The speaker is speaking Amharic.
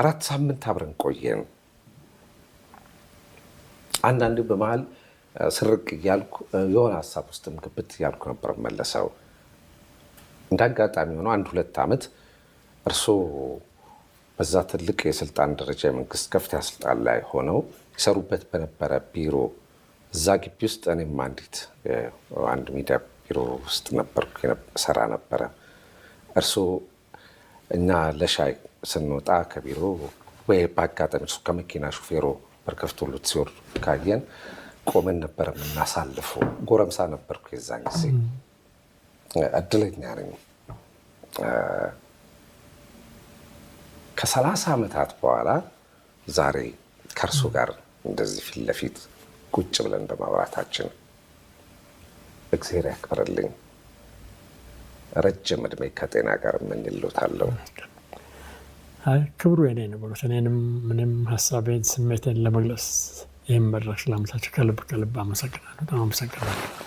አራት ሳምንት አብረን ቆየን። አንዳንድ በመሀል ስርቅ እያልኩ የሆነ ሀሳብ ውስጥም ግብት እያልኩ ነበር መለሰው። እንደ አጋጣሚ ሆነው አንድ ሁለት ዓመት እርሶ በዛ ትልቅ የስልጣን ደረጃ የመንግስት ከፍተኛ ስልጣን ላይ ሆነው ይሰሩበት በነበረ ቢሮ እዛ ግቢ ውስጥ እኔም አንዲት አንድ ሚዲያ ቢሮ ውስጥ ነበር ሰራ ነበረ። እርስዎ እኛ ለሻይ ስንወጣ ከቢሮ ወይ በአጋጣሚ እሱ ከመኪና ሹፌሮ በር ከፍቶሎት ሲወርድ ካየን ቆመን ነበር የምናሳልፈው። ጎረምሳ ነበርኩ የዛን ጊዜ እድለኛ ነኝ። ከሰላሳ ዓመታት በኋላ ዛሬ ከእርሱ ጋር እንደዚህ ፊት ለፊት ቁጭ ብለን በማብራታችን እግዚአብሔር ያክብርልኝ። ረጅም እድሜ ከጤና ጋር የምንልታለው። አይ ክብሩ የኔ ነው ብሎት እኔንም ምንም ሀሳቤን ስሜትን ለመግለጽ ይህም መድረክ ስላመቻቸው ከልብ ከልብ አመሰግናለሁ። በጣም አመሰግናለሁ።